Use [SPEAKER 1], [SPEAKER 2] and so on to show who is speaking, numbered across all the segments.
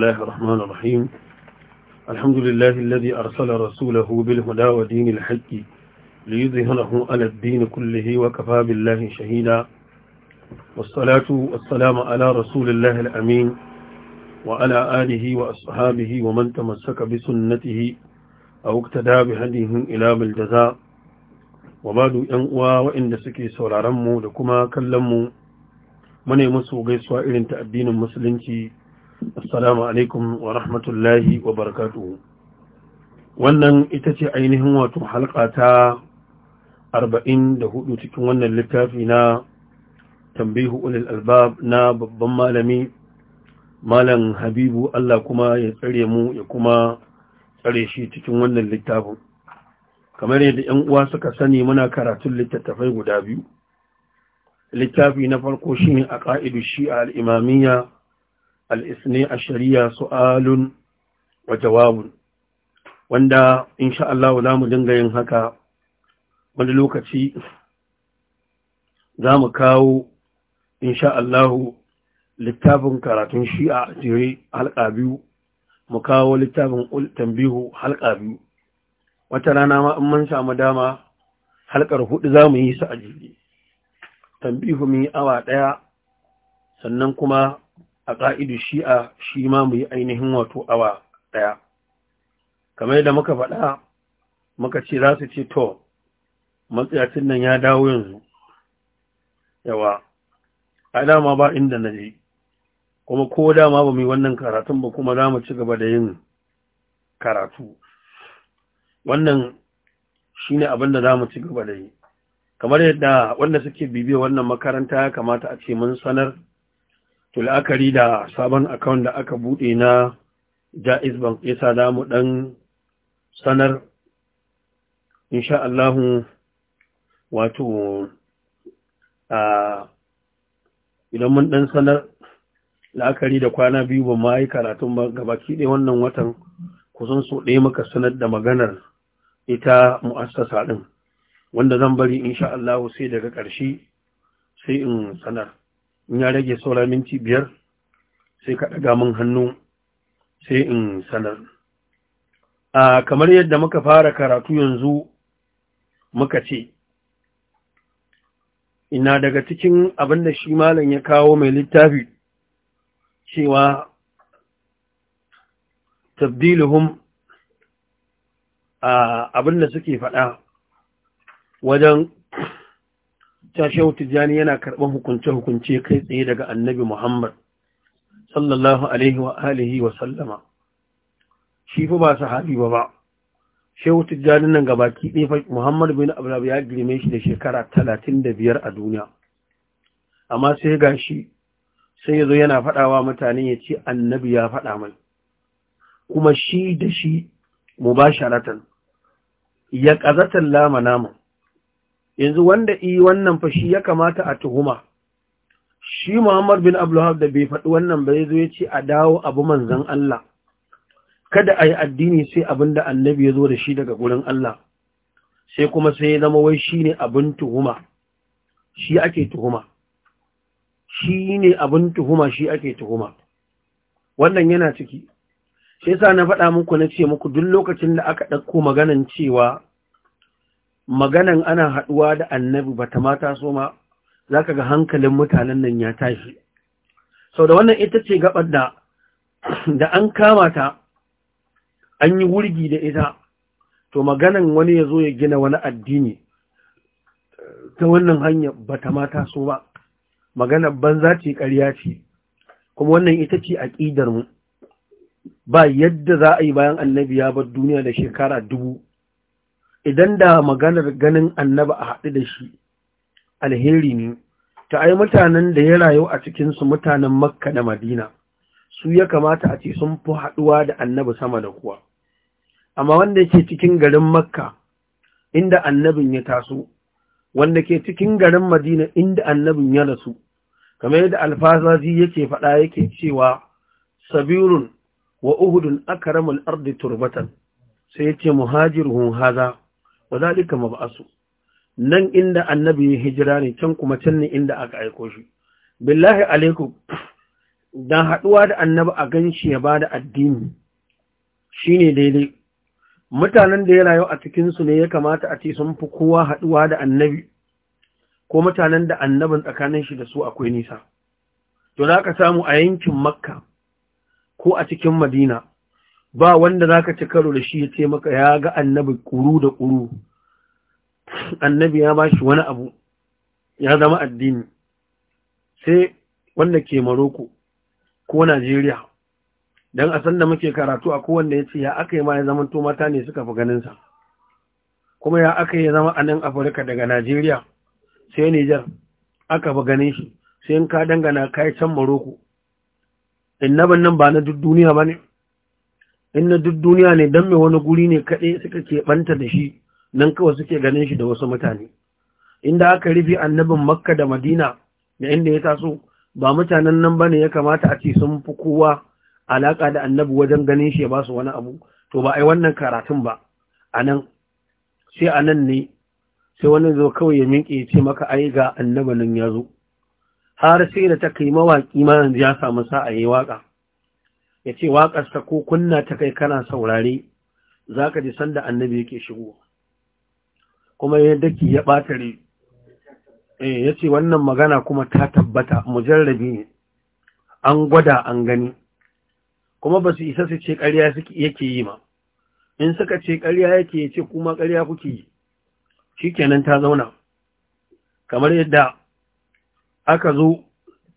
[SPEAKER 1] الله الرحمن الرحيم الحمد لله الذي أرسل رسوله بالهدى ودين الحق ليظهره على الدين كله وكفى بالله شهيدا والصلاة والسلام على رسول الله الأمين وعلى آله وأصحابه ومن تمسك بسنته أو اقتدى بهديه إلى بالجزاء وبعد ينقوى وإن سكي سورارمو لكما كلمو من يمسو غيسوا إلين تأدين المسلمين assalamu alaikum wa rahmatullahi wa barakatuhu wannan ita ce ainihin wato halka ta arba'in da hudu cikin wannan littafi na tambihu ulil albab na babban malami malam habibu Allah kuma ya tsare mu ya kuma tsare shi cikin wannan littafin kamar yadda 'yan uwa suka sani muna karatun littattafai guda biyu littafi na farko shine a ƙa'idu shi a al'imamiya al'isne a shari'a su'alun wa jawabun wanda insha Allah za mu dinga yin haka wani lokaci za mu kawo insha Allah littafin karatun shi'a a jere halka biyu mu kawo littafin tambihu halka biyu wata rana ma in mun samu dama halkar hudu za mu yi su a jere tambihu mu yi awa ɗaya sannan kuma a ƙa'idu shi'a shi ma mu yi ainihin wato awa ɗaya kamar yadda muka faɗa muka ce za su ce to matsayacin nan ya dawo yanzu yawa a dama ba inda na je kuma ko dama ba mu yi wannan karatun ba kuma za mu ci gaba da yin karatu wannan shi ne abin da za mu ci gaba da yi kamar yadda wanda suke bibiya wannan makaranta ya kamata a ce mun sanar to la'akari da sabon akawun da aka buɗe na jaiz bank yasa da mu ɗan sanar insha wato a idan mun ɗan sanar la'akari da kwana biyu ba ma yi karatun ba gabaki ɗaya wannan watan kusan so ɗaya muka sanar da maganar ita mu'assasa ɗin wanda zan bari insha Allah sai daga ƙarshe sai in sanar in ya rage saura minti biyar sai ka ɗaga min hannu sai in sanar a kamar yadda muka fara karatu yanzu muka ce ina daga cikin abin da shi malam ya kawo mai littafi cewa tabdiluhum a abin da suke faɗa wajen Shehu Tijjani yana karɓar hukunce-hukunce kai tsaye daga annabi Muhammad, sallallahu Alaihi wa alihi wa sallama. Shi fi ba sahabi ba ba, Shehu Tijjani nan gabaki ɗaya Muhammad bin Abdullahi ya girme shi da shekara talatin da biyar a duniya. Amma sai ga shi, sai ya zo yana faɗawa mutane ya ce annabi ya faɗa mai. Kuma shi da shi mubasharatan, ya ƙazatan lama naman. yanzu wanda yi wannan fashi ya kamata a tuhuma shi Muhammad bin Abdulhab da bai faɗi wannan ba yazo yace a dawo abu manzan Allah kada a yi addini sai abinda annabi yazo da shi daga gurin Allah sai kuma sai ya zama wai shine abin tuhuma shi ake tuhuma ne abin tuhuma shi ake tuhuma wannan yana ciki sai sa na faɗa muku na ce muku duk lokacin da aka ɗauko maganan cewa maganan ana haɗuwa da annabi ba ta mata so ma za ka ga hankalin mutanen nan ya tashi sau da wannan ita ce gaɓar da an kama ta an yi wurgi da ita to maganan wani ya zo ya gina wani addini ta wannan hanya ba ta mata so ba maganar banza ce ƙarya ce kuma wannan ita ce a mu ba yadda za a yi bayan annabi ya bar duniya da shekara dubu idan da maganar ganin annaba a haɗu da shi alheri ne ta ai mutanen da ya rayu a cikinsu mutanen makka da madina su ya kamata a ce sun fi haɗuwa da annabi sama da kuwa amma wanda ke cikin garin makka inda annabin ya taso wanda ke cikin garin madina inda annabin ya rasu kamar yadda alfazazi yake faɗa yake cewa sabirun wa uhudun akaramul ardi turbatan sai ya ce muhajirun haza wa zalika mab'asu nan inda annabi ya hijira ne can kuma can ne inda aka aiko shi billahi alaikum Da haduwa da annabi a ganshi ya bada addini shine daidai mutanen da ya rayu a cikin su ne ya kamata a ce sun fi kowa haduwa da annabi ko mutanen da annabin tsakanin shi da su akwai nisa to za ka samu a yankin makka ko a cikin madina ba wanda za ka ci karo da shi ya ce maka ya ga annabi kuru da kuru annabi ya ba shi wani abu ya zama addini sai wanda ke Maroko ko Najeriya don a san muke karatu a kowanne ya ce ya aka yi ma ya zama to mata ne suka fi ganin sa kuma ya aka yi zama a nan Afirka daga Najeriya sai Nijar aka fi ganin shi sai in ka dangana kai can Maroko innaban nan ba na duk duniya ba ne. inna duk duniya ne don mai wani guri ne kaɗai suka banta da shi nan kawai suke ganin shi da wasu mutane inda aka rufe annabin makka da madina da inda ya taso ba mutanen nan ba ne ya kamata a ce sun fi kowa alaƙa da annabi wajen ganin shi ya ba su wani abu to ba a wannan karatun ba a nan sai a ne sai wani zo kawai ya minke ya ce maka ai ga annabi nan ya zo har sai da ta kai mawaƙi ma ya samu sa'a yi waƙa ya ce waƙarsa ko kunna ta kai kana saurare za ka ji sanda annabi yake shigo kuma ya daki ya ɓatare eh, ya ce wannan magana kuma ta tabbata mujarrabi ne an gwada an gani kuma ba su isa su ce ƙarya yake yi ma in suka ce ƙarya yake ya ce kuma ƙarya kuke yi shi kenan ta zauna kamar yadda aka zo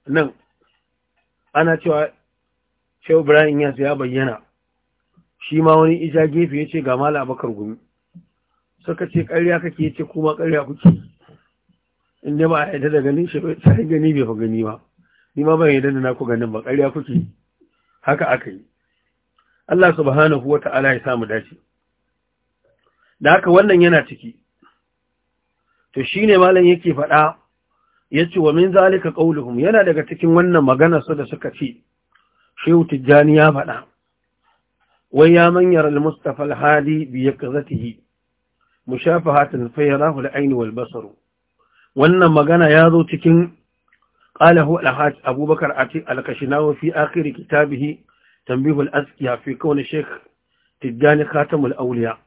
[SPEAKER 1] nan ana cewa shehu ibrahim yasu ya bayyana shi ma wani ija gefe ya ce ga mala abakar gumi suka ce ƙarya kake ce kuma ƙarya kuke inda ba a yadda da ganin shi yi gani bai fa gani ba ni ma ban yadda da naku ganin ba ƙarya kuke haka aka yi Allah subhanahu wa ta'ala ya samu dace da haka wannan yana ciki to shine malam yake faɗa yace wa min zalika qauluhum yana daga cikin wannan magana su da suka ce shehu tijjani ya faɗa wai ya manyar al-mustafa al-hadi bi yaqzatihi mushafahatan fa yarahu al-ayn wal basar wannan magana ya zo cikin qalahu al-hajj abubakar ati al-kashinawi fi akhir kitabihi tanbih al-askiya fi kawn shaykh tijjani khatam al-awliya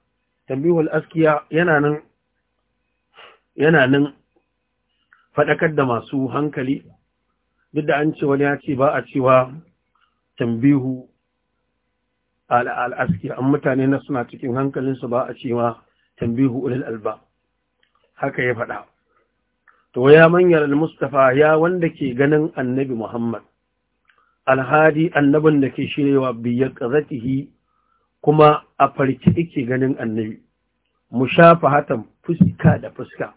[SPEAKER 1] tanbih al-askiya yana nan yana nan faɗakar da masu hankali duk da an ce wani ya ce ba a cewa tambihu al'aski an mutane na suna cikin hankalinsu ba a cewa tambihu ulil alba haka ya faɗa to ya manyar al-mustafa ya wanda ke ganin annabi muhammad alhadi annabin da ke shirewa biyar ƙazatihi kuma a farki ke ganin annabi mu shafa hatan fuska da fuska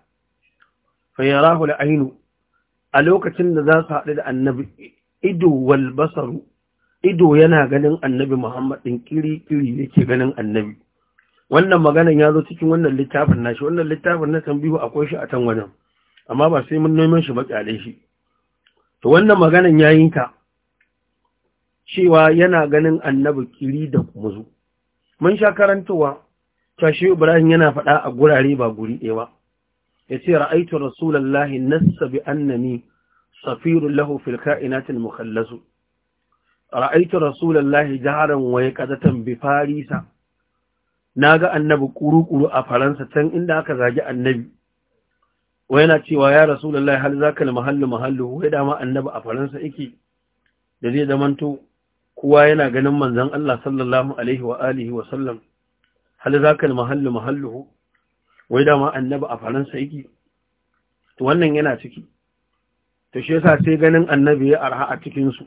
[SPEAKER 1] fayyarahu da ainu a lokacin da za su haɗu da annabi ido wal basaru ido yana ganin annabi Muhammad ɗin kiri-kiri yake ganin annabi wannan maganan ya zo cikin wannan littafin nashi wannan littafin na tambihu akwai shi a can wajen amma ba sai mun neman shi ba kyale shi to wannan maganan yayin ta cewa yana ganin annabi kiri da muzu mun sha karantowa tashi Ibrahim yana faɗa a gurare ba guri ɗaya ba yace ra'aitu rasulullahi nassa bi annani safirun lahu fil ka'inatil mukhallasu ra'aitu rasulullahi jaharan waye kadatan bi farisa Na ga annabi ƙuru-ƙuru a faransa can inda aka zagi annabi wai na cewa ya rasulullahi hal ka al mahallu mahallu wai dama annabi a faransa yake da zai zamanto kowa yana ganin manzan Allah sallallahu alaihi wa alihi wa sallam hal zaka al mahallu mahallu wai dama annabi a faransa yake to wannan yana ciki to shi yasa sai ganin annabi ya arha a cikinsu.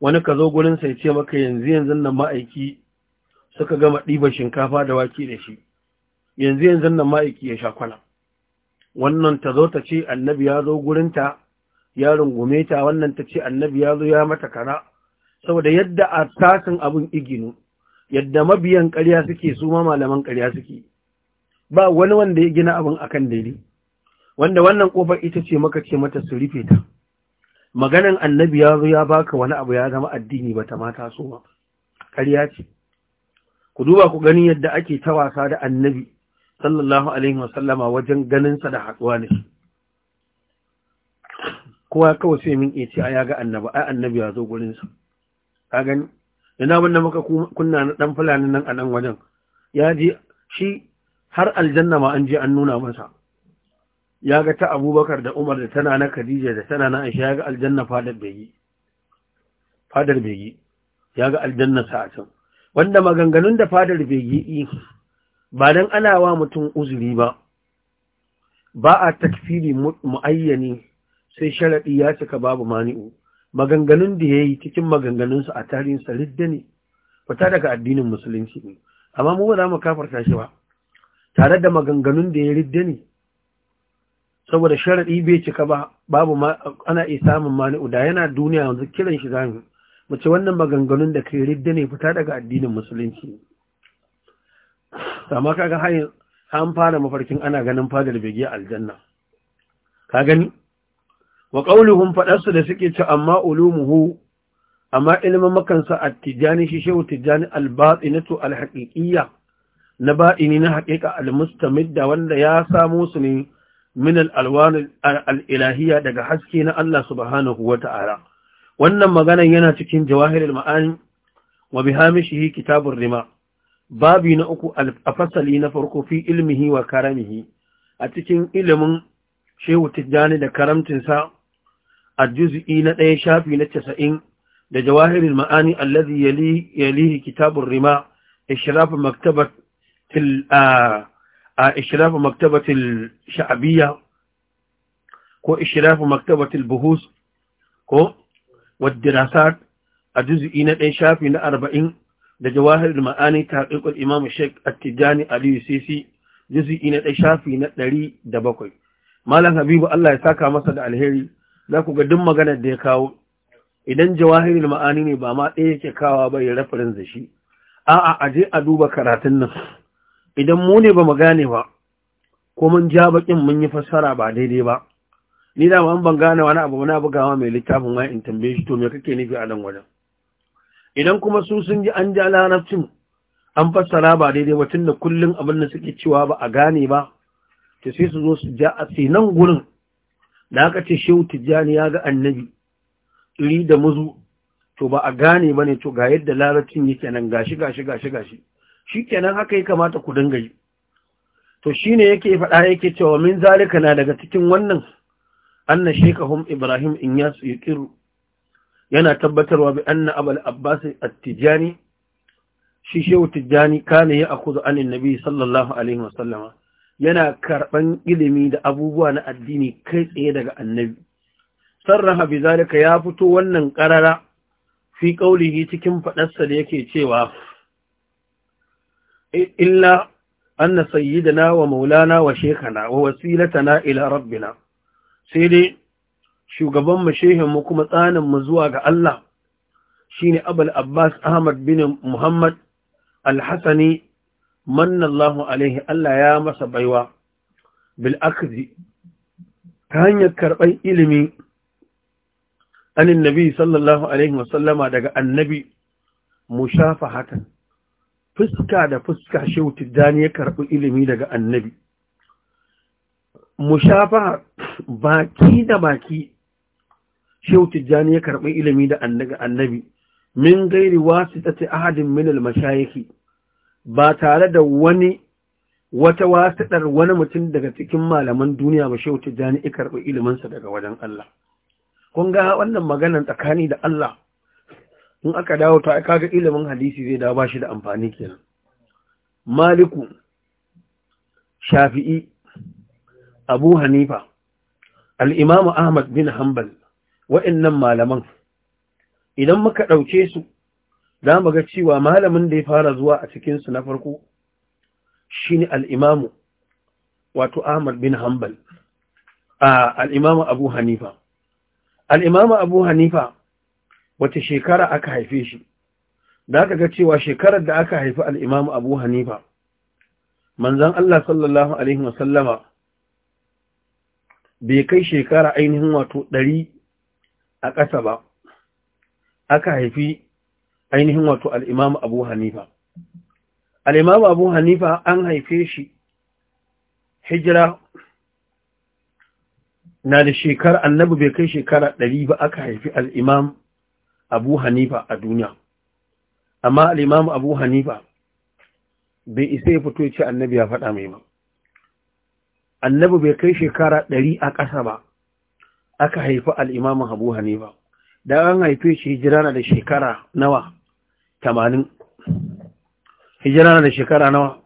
[SPEAKER 1] wani ka zo gurin sai ce maka yanzu yanzu nan ma'aiki suka gama ɗiba shinkafa da wake da shi yanzu yanzu nan ma'aiki ya sha kwana wannan ta zo ta ce annabi ya zo gurinta ya rungume ta wannan ta ce annabi ya zo ya mata kara saboda yadda a tasin abin iginu yadda mabiyan ƙarya suke su ma malaman ƙarya suke ba wani wanda ya gina abin akan daidai wanda wannan kofar ita ce maka ce mata su rufe ta maganan annabi ya zo ya baka wani abu ya zama addini ba ta mata so ba ƙarya ce ku duba ku gani yadda ake ta wasa da annabi sallallahu alaihi wasallama wajen ganinsa da haɗuwa ne kowa kawai sai min ce a ya ga annabi ai annabi ya zo sa ka gani ina da muka kunna na dan fulani nan a nan wajen ya je shi har aljanna ma an je an nuna masa ya ga ta abubakar da umar da tana na khadija da tana na aisha ya ga aljanna fadar begi ya ga aljanna sa can wanda maganganun da fadar begi ba don ana wa mutum uzuri ba ba a takfiri muayyani sai sharaɗi ya cika babu mani'u maganganun da ya yi cikin maganganunsa a tarihin ridda ne fita daga addinin musulunci ne amma mu ba za mu kafarta shi ba tare da maganganun da ya ridda ne saboda sharaɗi bai cika ba babu ma ana iya samun mani'u da yana duniya yanzu kiran shi zamu ce wannan maganganun da kai ridda ne fita daga addinin musulunci amma kaga hayin an fara mafarkin ana ganin fadar bege aljanna ka gani wa qauluhum fadarsu da suke ci amma ulumuhu amma ilmin makansa attijani shi shehu tijani albatinatu alhaqiqiyya na ba'ini na haqiqa almustamidda Midda wanda ya samu su ne min al'alwar al'ilahiyya daga haske na Allah subhanahu wa ta'ala. Wannan maganan yana cikin jawahir ma'ani wa bihamishihi kitabun rima, babi na uku a fasali na farko fi ilmihi wa karamihi, a cikin ilimin Shehu Tijjani da karamtinsa a juzi'i na ɗaya shafi na casa'in da jawahirin ma'ani allazi yalihi kitabun rima, ishirafi maktabar til a a ishirafi maktabatil sha'abiyya ko ishirafi maktabatil buhus ko wadirasat a juzu'i na ɗan shafi na arba'in da jawahirin ma'ani ta haƙiƙul imam sheik attijani aliyu sisi juzu'i na ɗan shafi na ɗari da bakwai malam habibu allah ya saka masa da alheri za ku ga duk maganar da ya kawo idan jawahirin ma'ani ne ba ma ɗaya yake kawa ba ya rafarin da shi a'a a je a duba karatun nan idan mu ne ba mu gane ba ko mun ja bakin mun yi fassara ba daidai ba ni da ma ban gane wani abu na bugawa mai littafin wa in tambaye shi to me kake nufi a nan wajen idan kuma su sun ji an ja larabcin an fassara ba daidai ba tunda kullun abin da suke cewa ba a gane ba to sai su zo su ja a nan gurin da aka ce shehu tijjani ya ga annabi iri da muzu to ba a gane ba ne to ga yadda larabcin yake nan gashi gashi gashi gashi Shi kenan haka ya kamata ku dinga yi to shine yake faɗa yake cewa min zalika na daga cikin wannan anna shekahum ibrahim in yasu yaqiru yana tabbatarwa bi anna abul abbas at-tijani shi shehu tijani kana ya akuzu anin nabi sallallahu alaihi wasallama yana karban ilimi da abubuwa na addini kai tsaye daga annabi sarraha bi zalika ya fito wannan qarara fi qaulihi cikin fadarsa da yake cewa illa anna sayyidina wa maulana wa shekana wa wasilatana ila rabbina sai dai shugaban mu shehin mu kuma tsanin mu zuwa ga Allah shine Abul Abbas Ahmad bin Muhammad Al-Hasani manallahu alaihi Allah ya masa baiwa bil akhdhi ta hanyar karɓar ilimi anin nabi sallallahu alaihi wasallama daga annabi mushafahatan fuska da fuska shehu tijjani ya karɓi ilimi daga annabi mushafa baki da baki shehu tijjani ya karɓi ilimi daga annabi min gairi ce ahadin minil mashayiki ba tare da wani wata ɗar wani mutum daga cikin malaman duniya ba shehu tijjani ya karɓi iliminsa daga wajen Allah kun ga wannan maganar tsakani da Allah in aka dawo ta ga ilimin hadisi zai dawo ba shi da amfani kenan maliku shafi'i abu hanifa al'imamu ahmad bin hanbal wa'innan malaman idan muka ɗauke su za mu ga cewa malamin da ya fara zuwa a cikinsu na farko shi ne al'imamu wato ahmad bin hanbal ah, al'imamu abu hanifa al'imamu abu hanifa wace shekara aka haife shi da aka ga cewa shekarar da aka haifi al'imam abu hanifa manzan Allah sallallahu Alaihi wasallama bai kai shekara ainihin wato ɗari a ƙasa ba aka haifi ainihin wato al'imam abu hanifa al'imam abu hanifa an haife shi hijira na da shekara annabi bai kai shekara ɗari ba aka haifi al'imam abu hanifa a duniya amma al’imam abu hanifa bai isa ya fito ce annabi ya faɗa mai ba annabi bai kai shekara ɗari a ƙasa ba aka haifi al’imamun abu hanifa da an haife shi hijira na da shekara nawa tamanin hijira na da shekara nawa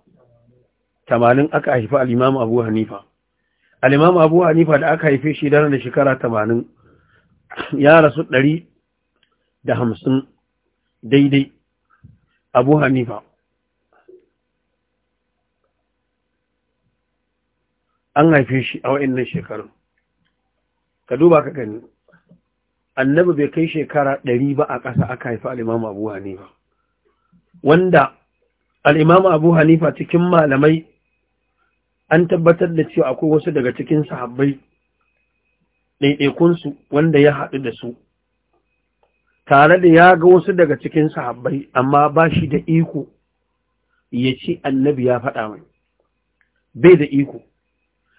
[SPEAKER 1] tamanin aka haifi al’imamun abu hanifa Al’imamun abu hanifa da aka haife shi hijirana da shekara tamanin ya rasu ɗari da hamsin daidai abu hanifa an haife shi a wa'annan shekarun ka duba ka gani annabi bai kai shekara ɗari ba a ƙasa aka haifi al'imamu abu hanifa wanda al'imamu abu hanifa cikin malamai an tabbatar da cewa akwai wasu daga cikin sahabbai ɗaiɗaikunsu wanda ya haɗu da su tare da ya ga wasu daga cikin sahabbai amma ba shi da iko ya ci annabi ya faɗa mai bai da iko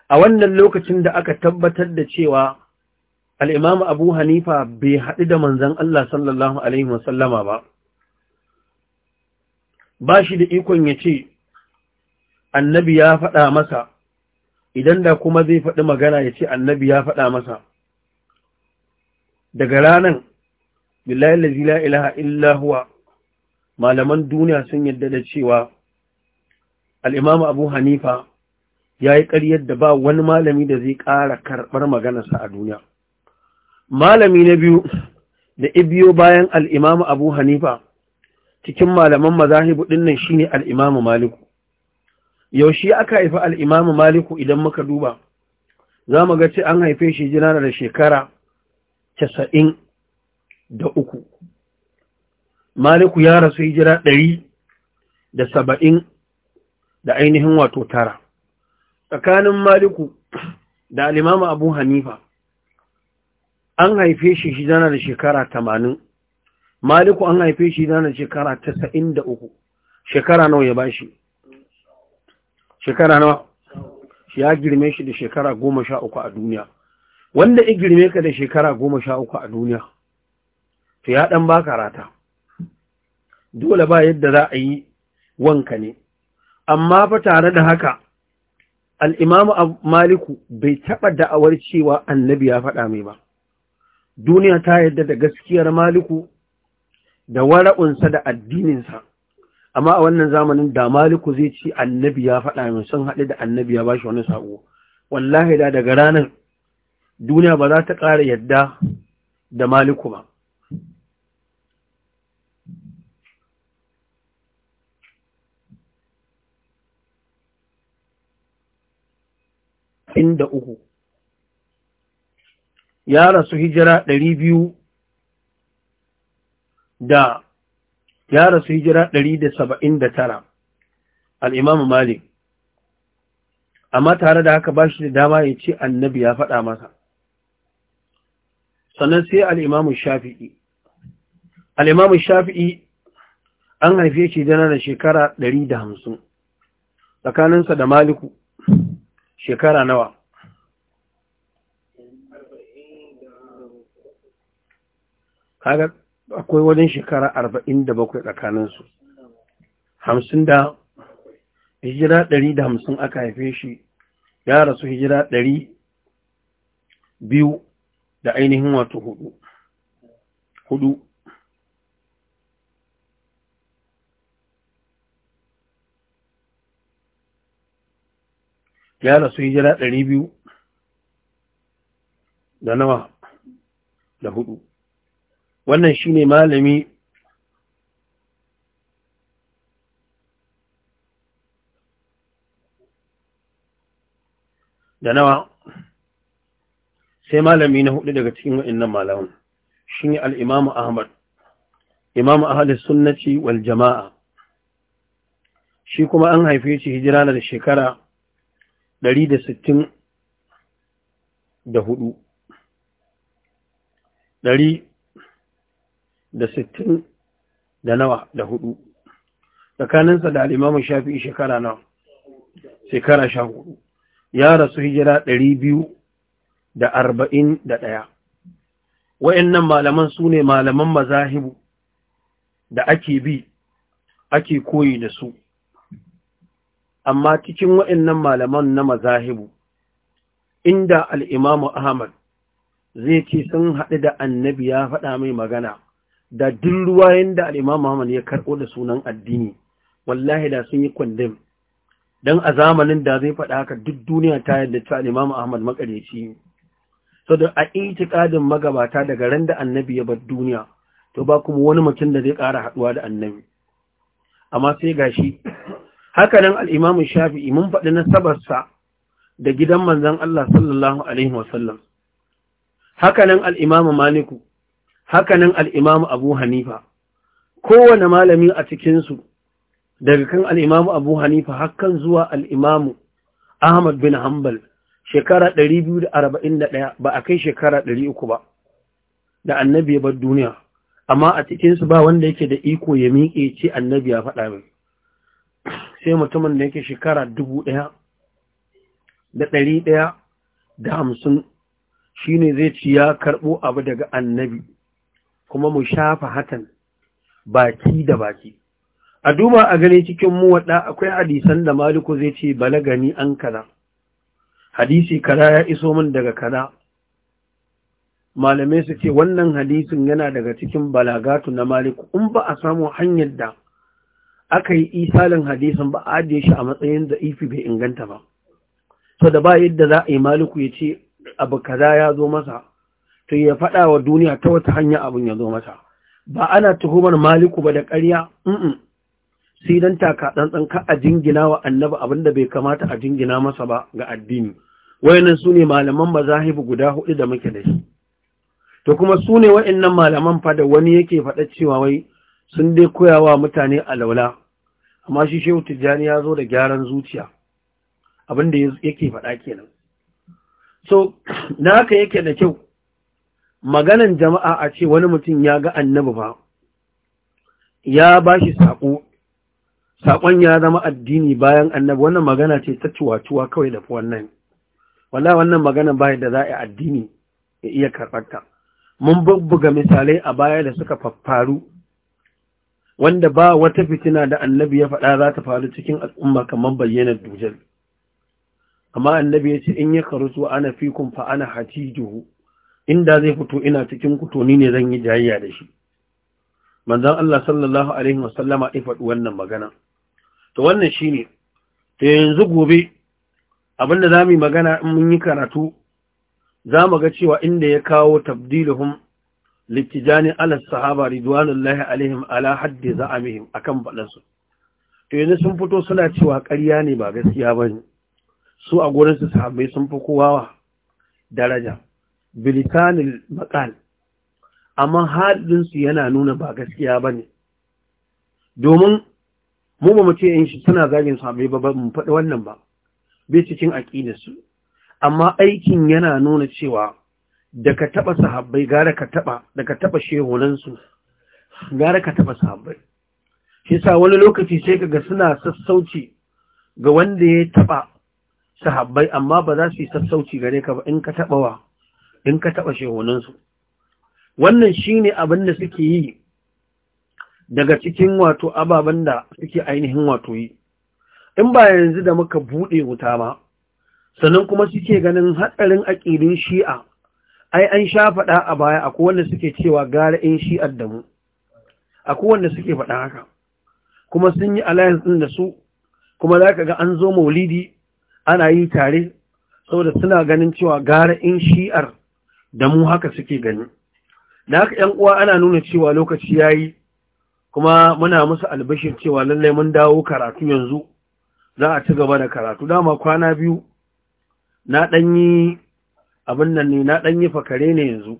[SPEAKER 1] a wannan lokacin da aka tabbatar da cewa al'imam abu hanifa bai haɗu da manzan Allah sallallahu Alaihi wasallama ba ba shi da ikon ya ce annabi ya faɗa masa idan da kuma zai faɗi magana ya ce annabi ya faɗa masa daga ranar billahi lazi la ilaha illa huwa malaman duniya sun yadda da cewa al abu hanifa ya yi ƙaryar da ba wani malami da zai ƙara karɓar maganarsa a duniya malami na biyu da ibiyo bayan al abu hanifa cikin malaman mazahibu nan shine ne maliku yaushe aka haifi al maliku idan muka duba za mu ga ce an haife shi jina da shekara casa'in da uku maliku ya rasu hijira ɗari da saba'in da ainihin wato tara tsakanin maliku da alimama abu hanifa an haife shi hijira da shekara tamanin maliku an haife shi hijira da shekara tasa'in da uku shekara nawa ya ba shi shekara nawa ya girme shi da shekara goma sha uku a duniya wanda ya girme ka da shekara goma sha uku a duniya to ya ɗan ba karata? dole ba yadda za a yi wanka ne amma fa tare da haka al'imamu maliku bai taɓa da'awar cewa annabi ya faɗa mai ba duniya ta yadda da gaskiyar maliku da wara'unsa da addininsa amma a wannan zamanin da maliku zai ci annabi ya faɗa mai sun haɗu da annabi ya ba shi wani sa'o wallahi da daga ranar duniya ba za ta ƙara yadda da maliku ba saba'in da uku ya rasu hijira ɗari biyu da ya rasu hijira ɗari da saba'in da tara al'imamu malik amma tare da haka ba shi da dama ya ce annabi ya faɗa masa sannan sai al'imamu shafi'i al'imamu shafi'i an haife shi janar da shekara ɗari da hamsin tsakaninsa da maliku shekara nawa kaga akwai wajen shekara arba'in da bakwai tsakaninsu hamsin da hijira ɗari da hamsin aka haife shi ya rasu hijira ɗari biyu da ainihin wato hudu hudu ya rasu hijira ɗari biyu da nawa da hudu wannan shi ne malami da nawa sai malami na hudu daga cikin waɗannan malamun shi ne al'imamu Ahmad, imamu ahalis sunnaci wal jama'a, shi kuma an haife shi hijira da shekara ɗari da sittin da hudu ɗari da sittin da nawa da hudu tsakaninsa da al'imamun shafi shekara nawa shekara sha hudu ya rasu hijira ɗari biyu da arba'in da ɗaya nan malaman su ne malaman mazahibu da ake bi ake koyi da su amma cikin waɗannan malaman na mazahibu inda al'imamu Ahmad zai ce sun haɗu da annabi ya faɗa mai magana da duk ruwayen da al'imamu Ahmad ya karɓo da sunan addini wallahi da sun yi kwandam don a zamanin da zai faɗa haka duk duniya ta yadda ta al'imamu Ahmad makareci so a itikadin magabata daga ran da annabi ya bar duniya to ba kuma wani mutum da zai ƙara haɗuwa da annabi amma sai gashi haka nan al'imamu shafi'i mun faɗi na sabarsa da gidan manzan Allah sallallahu Alaihi wasallam, haka nan al'imamu Maliku, haka nan al'imamu Abu Hanifa, kowane malami a cikinsu daga kan al'imamu Abu Hanifa hakan zuwa al'imamu Ahmad bin Hanbal shekara 241 ba a kai shekara 300 ba, da annabi ya bar duniya, amma a cikinsu ba wanda yake da iko ya miƙe ce annabi ya faɗa mai. sai mutumin da yake shekara dubu ɗaya da ɗari ɗaya da hamsin shi ne zai ci ya karɓo abu daga annabi kuma mu shafa hatan baki da baki a duba a gani cikin waɗa akwai hadisan da maliku zai ce balagani an kaza hadisi kaza ya iso min daga kaza malamai su ce wannan hadisin yana daga cikin balagatu na maliku in ba a samu hanyar da aka yi isalin hadisin ba a ajiye shi a matsayin da ifi bai inganta ba so da ba yadda za a yi maliku ya ce abu kaza ya zo masa to ya faɗa wa duniya ta wata hanya abin ya zo masa ba ana tuhumar Maluku ba da ƙarya sai don taka tsantsan ka a jingina wa annaba abin da bai kamata a jingina masa ba ga addini wayannan su ne malaman mazahibu guda hudu da muke da shi to kuma su ne wayannan malaman fa da wani yake faɗa cewa wai sun dai koyawa mutane a laula. amma shi shehu tijjani ya zo da gyaran zuciya abinda yake faɗa kenan so na haka yake da kyau maganan jama'a a ce wani mutum ya ga annabi ba ya ba shi saƙo saƙon ya zama addini bayan annabi wannan magana ce ta ciwatuwa kawai da wannan wala wannan magana bayan da za a yi addini ya iya karɓarta mun bubbuga misalai a baya da suka faru wanda ba wata fitina da annabi ya faɗa za ta faru cikin al'umma kamar bayyanar dujal amma annabi ya ce in ya su ana fikun fa ana hatijuhu inda zai fito ina cikin ku to ni ne zan yi jayayya da shi manzon Allah sallallahu alaihi wasallama ya faɗi wannan magana to wannan shine to yanzu gobe abinda zamu yi magana in mun yi karatu zamu ga cewa inda ya kawo tabdiluhum littijani ala sahaba ridwanullahi alaihim ala haddi za'amihim akan balansu to yanzu sun fito suna cewa ƙarya ne ba gaskiya ba ne su a gurin su sahabbai sun fi kowa daraja bilitanil maqal amma hadin su yana nuna ba gaskiya ba ne domin mu ba mu ce in shi suna zagin sahabbai ba mu faɗi wannan ba bai cikin su. amma aikin yana nuna cewa da ka taɓa sahabbai gara ka taɓa da ka shehunansu gara ka taɓa sahabbai shi sa wani lokaci sai kaga suna sassauci ga wanda ya taɓa sahabbai amma ba za su yi sassauci gare ka ba in ka taɓa wa in ka taɓa shehunansu wannan shine abin da suke yi daga cikin wato ababen da suke ainihin wato yi in ba yanzu da muka buɗe wuta ba sannan kuma suke ganin hatsarin aƙidin shi'a ai an sha faɗa a baya a kowanne suke cewa gara in shi addamu a kowanne suke faɗa haka kuma sun yi alliance ɗin da su kuma za ka ga an zo maulidi ana yi tare saboda suna ganin cewa gara in shi'ar da mu haka suke gani da haka ‘yan uwa ana nuna cewa lokaci ya yi kuma muna musu albashin cewa lallai mun dawo karatu yanzu za a ci gaba da karatu dama kwana biyu na ɗanyi abin nan ne na ɗan yi fakare ne yanzu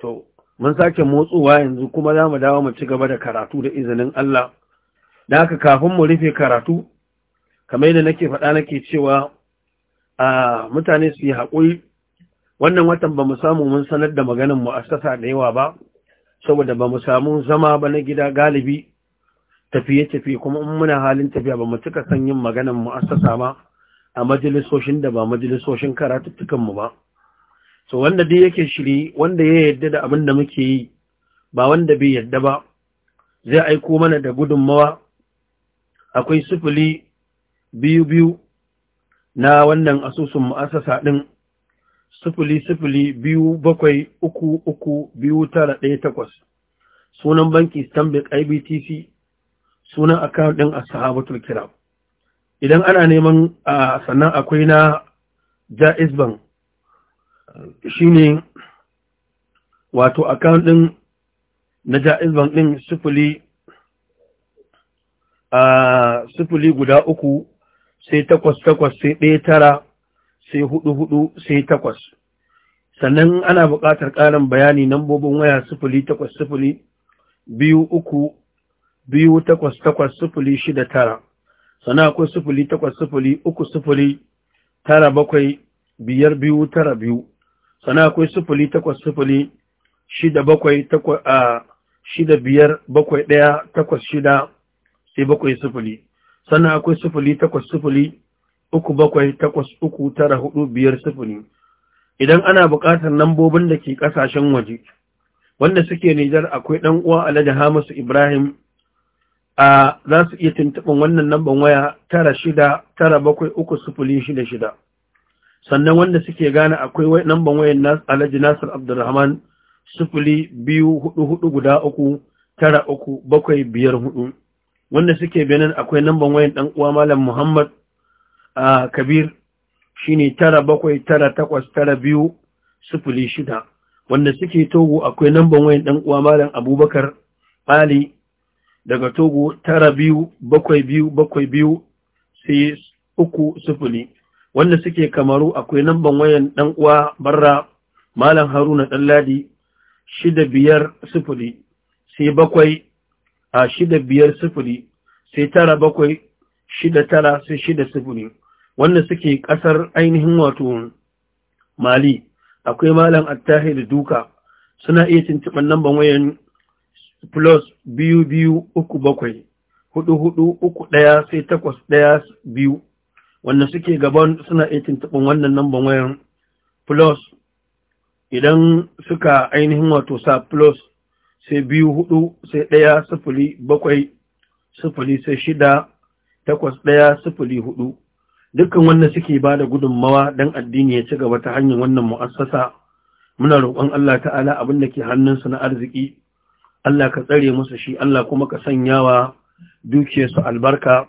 [SPEAKER 1] to mun sake motsuwa yanzu kuma za mu dawo mu ci gaba da karatu da izinin Allah da haka kafin mu rufe karatu kamar yadda nake faɗa nake cewa a mutane su yi haƙuri wannan watan ba mu samu mun sanar da maganin mu'assasa da yawa ba saboda ba mu samu zama ba na gida galibi tafiye-tafiye kuma in muna halin tafiya ba mu cika san yin maganin mu'assasa ba a majalisoshin da ba majalisoshin karatuttukanmu ba so wanda dai yake shiri wanda ya yarda da abin da muke yi ba wanda bai yarda ba zai aiko mana da gudunmawa akwai sufuli biyu biyu na wannan asusun ma'asasa ɗin sufuli sufuli biyu bakwai uku uku biyu tara ɗaya takwas sunan banki stanbic ibtc sunan akawun ɗin a sahabatul kira idan ana neman a sannan akwai na jaiz bank shine wato akawun din na Jaiz Bank din sufuli a sufuli guda uku sai takwas takwas sai ɗaya tara sai hudu hudu sai takwas sannan ana buƙatar ƙarin bayani nambobin waya sufuli takwas sufuli biyu uku biyu takwas takwas sufuli shida tara sannan akwai sufuli takwas sufuli uku sufuli tara bakwai biyar biyu tara biyu sana akwai sufuli takwas sufuli shida bakwai takwa shida biyar bakwai ɗaya takwas shida sai bakwai sufuli Sana akwai sufuli takwas sufuli uku bakwai takwas uku tara hudu biyar sufuli idan ana buƙatar lambobin da ke ƙasashen waje wanda suke nijar akwai ɗan uwa alhaji hamisu ibrahim a za su iya tuntuɓin wannan lambar waya tara shida tara bakwai uku sufuli shida shida sannan wanda suke gane akwai namban wayan alhaji nasir abdulrahman sufuli biyu hudu hudu guda uku tara uku bakwai biyar hudu wanda suke benin akwai namban wayan dan uwa malam muhammad a kabir shine tara bakwai tara takwas tara biyu sufuli shida wanda suke togo akwai namban wayan dan uwa malam abubakar ali daga togo tara biyu bakwai biyu bakwai biyu sai uku sufuli wanda suke kamaru akwai namban wayan dan uwa barra malam haruna ɗanladi shida biyar sufuri sai bakwai a shida biyar sufuri sai tara bakwai shida tara sai shida sufuri wanda suke ƙasar ainihin wato mali akwai malam attahir duka suna iya tuntuɓar namban wayan plus biyu biyu uku bakwai hudu hudu uku ɗaya sai takwas ɗaya biyu wanda suke gaban suna iya tuntuɓin wannan namban wayan plus idan suka ainihin wato sa plus sai biyu hudu sai ɗaya sufuri bakwai sufuri sai shida takwas ɗaya sufuri hudu dukkan wannan suke ba da gudunmawa don addini ya ci gaba ta hanyar wannan mu'assasa muna roƙon Allah ta'ala abin da ke hannunsu na arziki Allah ka tsare musu shi Allah kuma ka sanyawa dukiyarsu albarka